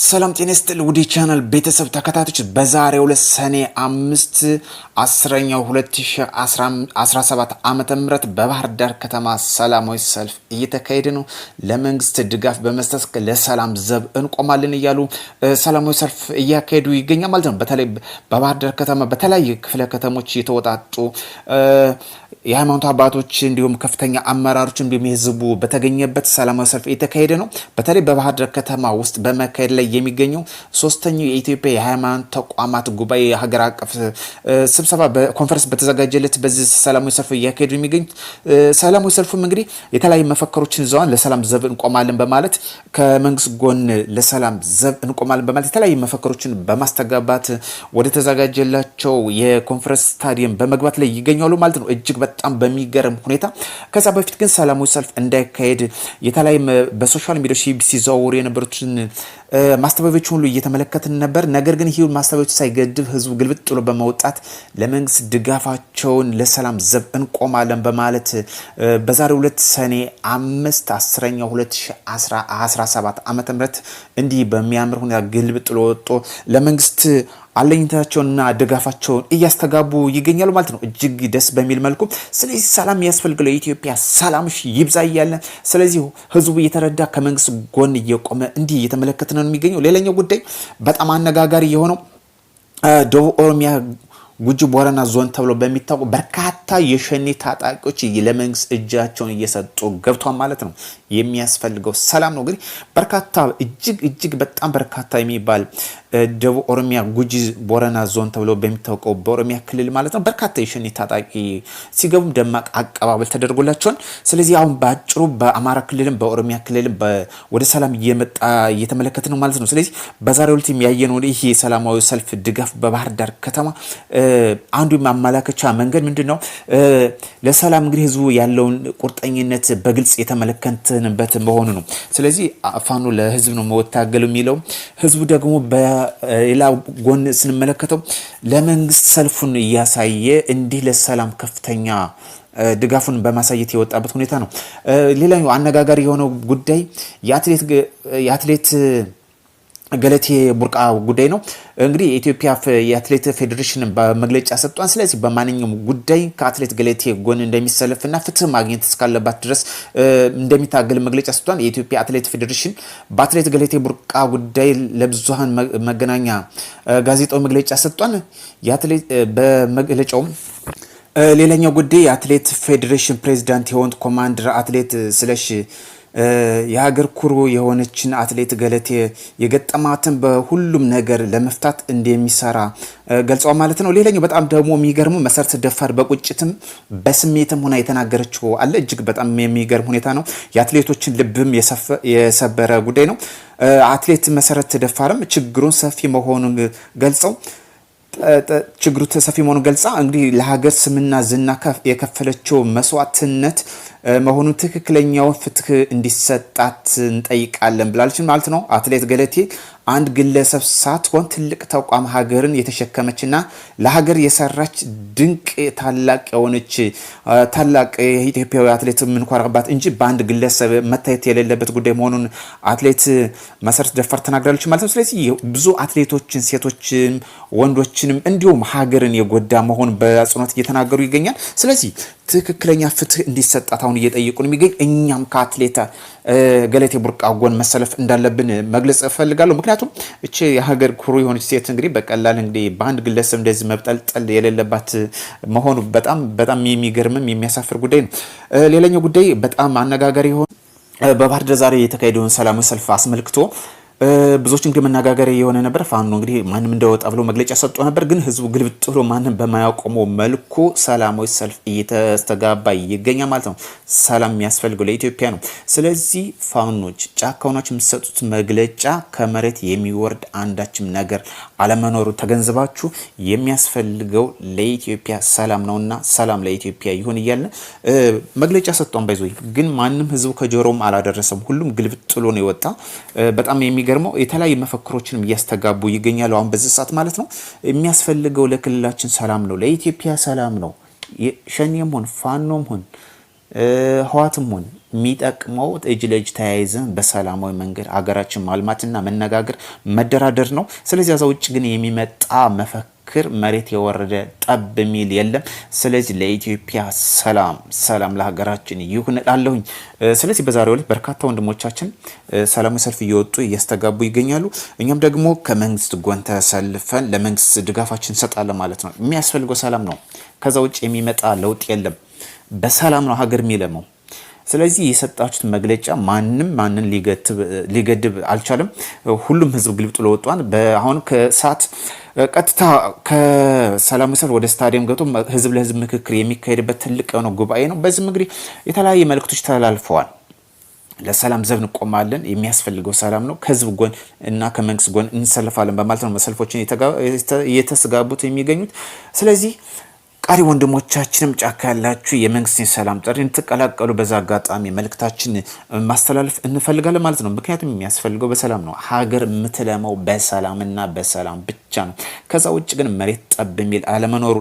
ሰላም ጤና ይስጥል ውዴ ቻናል ቤተሰብ ተከታቶች በዛሬው ዕለት ሰኔ አምስት አስረኛው 2017 ዓመተ ምህረት በባህር ዳር ከተማ ሰላማዊ ሰልፍ እየተካሄደ ነው። ለመንግስት ድጋፍ በመስጠት ለሰላም ዘብ እንቆማለን እያሉ ሰላማዊ ሰልፍ እያካሄዱ ይገኛል ማለት ነው። በተለይ በባህር ዳር ከተማ በተለያዩ ክፍለ ከተሞች የተወጣጡ የሃይማኖት አባቶች እንዲሁም ከፍተኛ አመራሮች እንዲሁም የህዝቡ በተገኘበት ሰላማዊ ሰልፍ እየተካሄደ ነው። በተለይ በባህር ዳር ከተማ ውስጥ በመካሄድ ላይ ላይ የሚገኙ ሶስተኛው የኢትዮጵያ የሃይማኖት ተቋማት ጉባኤ ሀገር አቀፍ ስብሰባ ኮንፈረንስ በተዘጋጀለት በዚህ ሰላማዊ ሰልፍ እያካሄዱ የሚገኙ ሰላማዊ ሰልፉም እንግዲህ የተለያዩ መፈክሮችን ይዘዋል። ለሰላም ዘብ እንቆማለን በማለት ከመንግስት ጎን ለሰላም ዘብ እንቆማለን በማለት የተለያዩ መፈክሮችን በማስተጋባት ወደ ተዘጋጀላቸው የኮንፈረንስ ስታዲየም በመግባት ላይ ይገኛሉ ማለት ነው። እጅግ በጣም በሚገርም ሁኔታ ከዛ በፊት ግን ሰላማዊ ሰልፍ እንዳይካሄድ የተለያዩ በሶሻል ሚዲያዎች ሲዘዋወሩ የነበሩትን ማስተባበያዎች ሁሉ እየተመለከትን ነበር። ነገር ግን ይህ ማስተባበያዎች ሳይገድብ ህዝቡ ግልብጥ ጥሎ በመውጣት ለመንግስት ድጋፋቸውን ለሰላም ዘብ እንቆማለን በማለት በዛሬ ሁለት ሰኔ አምስት አስረኛው 2017 ዓ ም እንዲህ በሚያምር ሁኔታ ግልብጥ ጥሎ ወጦ ለመንግስት አለኝታቸውንና ድጋፋቸውን እያስተጋቡ ይገኛሉ ማለት ነው። እጅግ ደስ በሚል መልኩ ስለዚህ ሰላም ያስፈልግለው የኢትዮጵያ ሰላምሽ ይብዛ እያለ ስለዚህ ህዝቡ እየተረዳ ከመንግስት ጎን እየቆመ እንዲህ እየተመለከት ነው የሚገኘው። ሌላኛው ጉዳይ በጣም አነጋጋሪ የሆነው ደቡብ ኦሮሚያ ጉጂ ቦረና ዞን ተብሎ በሚታወቁ በርካታ የሸኔ ታጣቂዎች ለመንግስት እጃቸውን እየሰጡ ገብቷል ማለት ነው። የሚያስፈልገው ሰላም ነው። እንግዲህ በርካታ እጅግ እጅግ በጣም በርካታ የሚባል ደቡብ ኦሮሚያ ጉጂ ቦረና ዞን ተብሎ በሚታወቀው በኦሮሚያ ክልል ማለት ነው በርካታ የሸኔ ታጣቂ ሲገቡም ደማቅ አቀባበል ተደርጎላቸዋል። ስለዚህ አሁን በአጭሩ በአማራ ክልልም በኦሮሚያ ክልልም ወደ ሰላም እየመጣ እየተመለከት ነው ማለት ነው። ስለዚህ በዛሬው ዕለት ያየነው ይህ የሰላማዊ ሰልፍ ድጋፍ በባህር ዳር ከተማ አንዱ የማመላከቻ መንገድ ምንድን ነው? ለሰላም እንግዲህ ህዝቡ ያለውን ቁርጠኝነት በግልጽ የተመለከትንበት መሆኑ ነው። ስለዚህ ፋኖ ለህዝብ ነው መወታገሉ የሚለው ህዝቡ ደግሞ በሌላ ጎን ስንመለከተው ለመንግስት ሰልፉን እያሳየ እንዲህ ለሰላም ከፍተኛ ድጋፉን በማሳየት የወጣበት ሁኔታ ነው። ሌላኛው አነጋጋሪ የሆነው ጉዳይ የአትሌት ገለቴ ቡርቃ ጉዳይ ነው እንግዲህ የኢትዮጵያ የአትሌት ፌዴሬሽን መግለጫ ሰጥቷል። ስለዚህ በማንኛውም ጉዳይ ከአትሌት ገለቴ ጎን እንደሚሰለፍና ፍትህ ማግኘት እስካለባት ድረስ እንደሚታገል መግለጫ ሰጥቷል። የኢትዮጵያ አትሌት ፌዴሬሽን በአትሌት ገለቴ ቡርቃ ጉዳይ ለብዙሀን መገናኛ ጋዜጣዊ መግለጫ ሰጥቷል። በመግለጫውም ሌላኛው ጉዳይ የአትሌት ፌዴሬሽን ፕሬዚዳንት የሆኑት ኮማንደር አትሌት ስለሺ የሀገር ኩሩ የሆነችን አትሌት ገለቴ የገጠማትን በሁሉም ነገር ለመፍታት እንደሚሰራ ገልጿ ማለት ነው። ሌላኛው በጣም ደግሞ የሚገርሙ መሰረት ደፋር በቁጭትም በስሜትም ሆና የተናገረችው አለ። እጅግ በጣም የሚገርም ሁኔታ ነው። የአትሌቶችን ልብም የሰበረ ጉዳይ ነው። አትሌት መሰረት ደፋርም ችግሩን ሰፊ መሆኑን ገልጸው ችግሩ ሰፊ መሆኑን ገልጻ እንግዲህ ለሀገር ስምና ዝና የከፈለችው መስዋዕትነት መሆኑን ትክክለኛውን ፍትህ እንዲሰጣት እንጠይቃለን ብላለች ማለት ነው። አትሌት ገለቴ አንድ ግለሰብ ሳትሆን ትልቅ ተቋም ሀገርን የተሸከመችና ለሀገር የሰራች ድንቅ ታላቅ የሆነች ታላቅ ኢትዮጵያዊ አትሌት የምንኮራባት እንጂ በአንድ ግለሰብ መታየት የሌለበት ጉዳይ መሆኑን አትሌት መሰረት ደፋር ተናግራለች ማለት ነው። ስለዚህ ብዙ አትሌቶችን ሴቶችን፣ ወንዶችንም እንዲሁም ሀገርን የጎዳ መሆን በአጽንኦት እየተናገሩ ይገኛል። ስለዚህ ትክክለኛ ፍትህ እንዲሰጣት አሁን እየጠየቁን የሚገኝ እኛም ከአትሌት ገለቴ ቡርቃ ጎን መሰለፍ እንዳለብን መግለጽ እፈልጋለሁ። ምክንያቱም እቺ የሀገር ኩሩ የሆነች ሴት እንግዲህ በቀላል እንግዲህ በአንድ ግለሰብ እንደዚህ መብጠልጠል የሌለባት መሆኑ በጣም በጣም የሚገርምም የሚያሳፍር ጉዳይ ነው። ሌላኛው ጉዳይ በጣም አነጋጋሪ የሆነ በባህር ዳር ዛሬ የተካሄደውን ሰላማዊ ሰልፍ አስመልክቶ ብዙዎችን ግን መነጋገሪያ የሆነ ነበር። ፋኖ እንግዲህ ማንም እንደወጣ ብሎ መግለጫ ሰጥቶ ነበር። ግን ህዝቡ ግልብጥ ብሎ ማንም በማያቆመው መልኩ ሰላማዊ ሰልፍ እየተስተጋባ ይገኛል ማለት ነው። ሰላም የሚያስፈልገው ለኢትዮጵያ ነው። ስለዚህ ፋኖች ጫካ ናቸው የምትሰጡት መግለጫ ከመሬት የሚወርድ አንዳችም ነገር አለመኖሩ ተገንዝባችሁ የሚያስፈልገው ለኢትዮጵያ ሰላም ነውና ሰላም ለኢትዮጵያ ይሁን እያለ መግለጫ ሰጥቷን ባይዞ ግን ማንም ህዝቡ ከጆሮም አላደረሰም። ሁሉም ግልብጥ ብሎ ነው የወጣ በጣም የሚገ የሚገርመው የተለያዩ መፈክሮችንም እያስተጋቡ ይገኛሉ። አሁን በዚህ ሰዓት ማለት ነው። የሚያስፈልገው ለክልላችን ሰላም ነው፣ ለኢትዮጵያ ሰላም ነው። ሸኔም ሁን ፋኖም ሁን ህዋትም ሆን የሚጠቅመው እጅ ለእጅ ተያይዘን በሰላማዊ መንገድ አገራችን ማልማትና መነጋገር መደራደር ነው። ስለዚህ ዛ ውጭ ግን የሚመጣ መፈክር ክር መሬት የወረደ ጠብ የሚል የለም። ስለዚህ ለኢትዮጵያ ሰላም ሰላም ለሀገራችን ይሁን እላለሁኝ። ስለዚህ በዛሬው ዕለት በርካታ ወንድሞቻችን ሰላማዊ ሰልፍ እየወጡ እያስተጋቡ ይገኛሉ። እኛም ደግሞ ከመንግስት ጎን ተሰልፈን ለመንግስት ድጋፋችን እንሰጣለን ማለት ነው። የሚያስፈልገው ሰላም ነው። ከዛ ውጭ የሚመጣ ለውጥ የለም። በሰላም ነው ሀገር የሚለመው። ስለዚህ የሰጣችሁት መግለጫ ማንም ማንን ሊገድብ አልቻለም። ሁሉም ህዝብ ግልብጥ ለወጧን አሁን ከሰዓት ቀጥታ ከሰላም ሰልፍ ወደ ስታዲየም ገብቶ ህዝብ ለህዝብ ምክክር የሚካሄድበት ትልቅ የሆነ ጉባኤ ነው። በዚህም እንግዲህ የተለያየ መልእክቶች ተላልፈዋል። ለሰላም ዘብ እንቆማለን፣ የሚያስፈልገው ሰላም ነው፣ ከህዝብ ጎን እና ከመንግስት ጎን እንሰልፋለን በማለት ነው መሰልፎችን እየተስጋቡት የሚገኙት ስለዚህ ቃሪ ወንድሞቻችንም ጫካ ያላችሁ የመንግስትን ሰላም ጥሪ እንድትቀላቀሉ በዛ አጋጣሚ መልእክታችን ማስተላለፍ እንፈልጋለን ማለት ነው። ምክንያቱም የሚያስፈልገው በሰላም ነው። ሀገር የምትለመው በሰላምና በሰላም ብቻ ነው። ከዛ ውጭ ግን መሬት ጠብ የሚል አለመኖሩ